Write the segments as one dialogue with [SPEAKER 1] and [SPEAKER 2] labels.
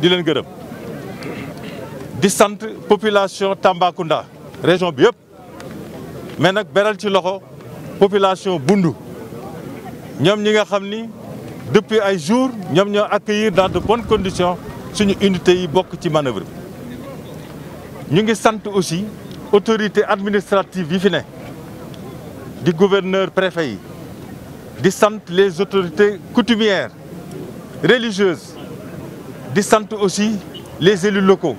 [SPEAKER 1] di leen gërëm di sant population Tambacounda région bi yëpp mais nag beral ci loxo population Bundu ñoom ñi nga xam ni depuis ay jours ñoom ñoo accueillir dans de bonnes conditions suñu unité yi bokk ci manœuvre bi ñu ngi sant aussi autorité administrative yi fi ne di gouverneur préfet yi di sant les autorités coutumières religieuses di sant aussi les élus locaux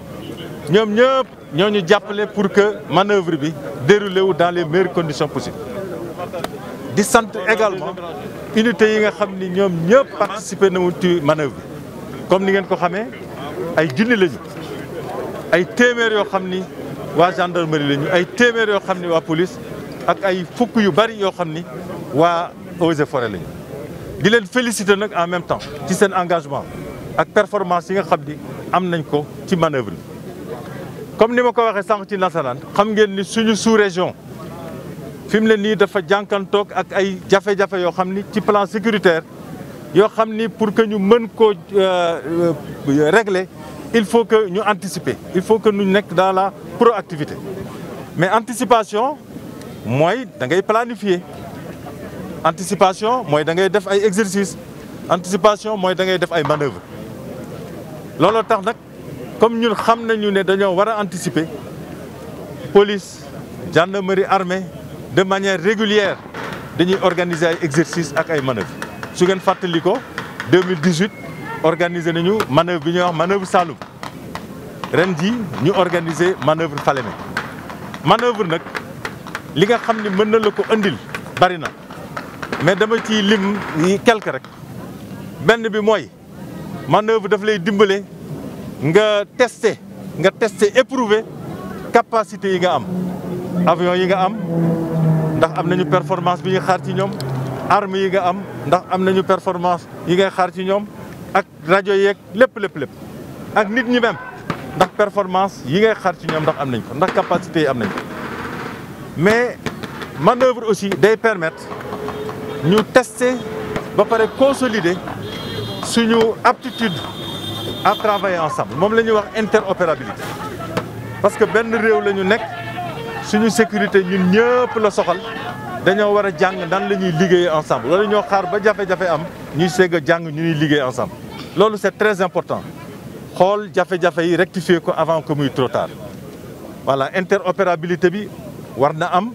[SPEAKER 1] ñoom ñëpp ñoo ñu jàppale pour que manœuvre bi déroulé wu dans les meilleures conditions possibles di sant également unité yi nga xam ni ñoom ñëpp participé nañu ci manœuvre bi comme ni ngeen ko xamee ay junni lañu ay téeméer yoo xam ni waa gendarmerie lañu ay téeméer yoo xam ni waa police ak ay fukk yu bari yoo xam ni waa eaux et lañu di leen félicité nag en même temps ci seen engagement. ak performance yi nga xam ni am nañ ko ci manœuvre yi comme ni ma ko waxee sànq ci nasaraan xam ngeen ni suñu sous-région fi mu ne nii dafa jànkantoog ak ay jafe-jafe yoo xam ni ci plan sécuritaire yoo xam ni pour que ñu mën koo euh, euh, régler il faut que ñu anticiper il faut que ñu nekk dans la activité mais anticipation mooy da ngay planifier anticipation mooy da ngay def ay exercices anticipation mooy da ngay def ay manœuvres looloo tax nag comme ñun xam nañu ne dañoo war a anticiper police gendarmerie armée de manière régulière dañuy organiser ay exercice ak ay manœuvres su ngeen fàttali ko 2018 organiser nañu manœuvre bi ñuy wax manœuvre Saloum ren ji ñu organiser manœuvre Falémé manœuvre nag li nga xam ni mën na la ko indil bari na mais dama ciy lim yi quelque rek benn bi mooy. manœuvre daf lay dimbale nga teste nga tester éprouver capacité yi nga am avion yi nga am ndax am nañu performance bi nga xaar ci ñoom armes yi nga am ndax am nañu performance yi ngay xaar ci ñoom ak rajo yeeg lépp lépp lépp ak nit ñi même ndax performance yi ngay xaar ci ñoom ndax am nañ ko ndax capacité yi am nañ ko mais manœuvre aussi day permettre ñu teste ba pare consolider suñu aptitude à travailler ensemble moom la ñuy wax interopérabilité parce que benn réew la ñu nekk suñu sécurité ñun ñëpp la soxal dañoo war a jàng nan la ñuy liggéeyee ensemble wala ñoo xaar ba jafe-jafe am ñuy seeg jàng ñu ñuy liggéey ensemble loolu c'est très important xool jafe-jafe yi rectifier ko avant que muy trop tard voilà interopérabilité bi war na am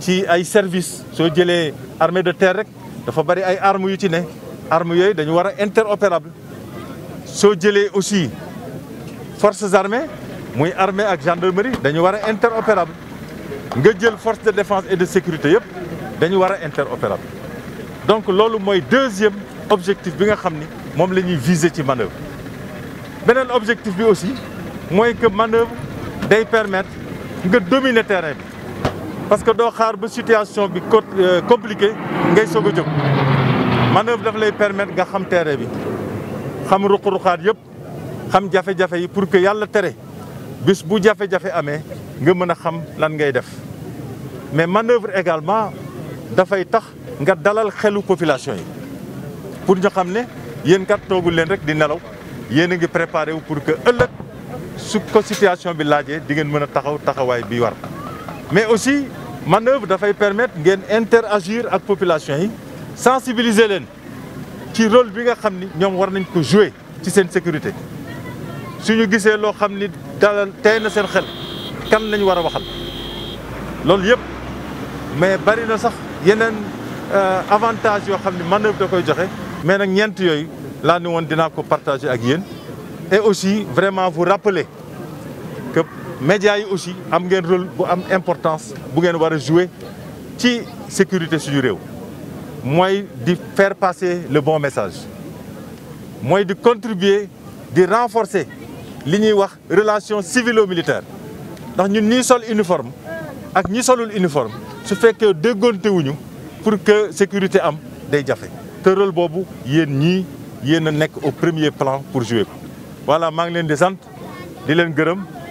[SPEAKER 1] ci ay services soo jëlee armée de terre rek dafa bari ay armes yu ci ne armes yooyu dañu war a interopérable soo jëlee aussi forces armées muy armée ak gendarmerie dañu war a interopérable nga jël force de défense et de sécurité yëpp dañu war a interopérable donc loolu mooy deuxième objectif bi nga xam ni moom la ñuy viser ci manœuvre beneen objectif bi aussi mooy que manœuvre day permettre nga dominer terrain bi parce que doo xaar ba situation bi euh, compliquée ngay soog a jóg manœuvre daf lay permettre nga xam terrain bi xam ruq-ruqaat yëpp xam jafe-jafe yi pour que yàlla tere bis bu jafe-jafe amee nga mën a xam lan ngay def mais manœuvre également dafay tax nga dalal xelu population yi pour ñu xam ne yéen kat toogul leen rek di nelaw yéen a ngi préparé wu pour que ëllëg su ko bi laajee di ngeen mën a taxaw taxawaay bi war mais aussi manœuvre dafay permettre ngeen interagir ak population yi sensibiliser leen ci rôle bi nga xam ni ñoom war nañ ko jouer ci seen sécurité suñu gisee loo xam ni dalal tey na seen xel kan lañ war a waxal loolu yëpp mais bari na sax yeneen euh, avantage yoo xam ni manœuvre da koy joxe mais nag ñeent yooyu laa ni woon dinaa ko partager ak yéen et aussi vraiment vous rappeler que médias yi aussi am ngeen rôle bu am importance bu ngeen war a jouer ci sécurité suñu réew mooy di faire passer le bon message mooy di contribuer di renforcer li ñuy wax relation civilo-militaire ndax ñun ñi sol uniforme ak ñi solul uniforme su fekkee déggoonte wuñu pour que sécurité am day jafe te boobu yéen ñii yéen a nekk au premier plan pour jouer ko voilà maa ngi leen di sant di leen gërëm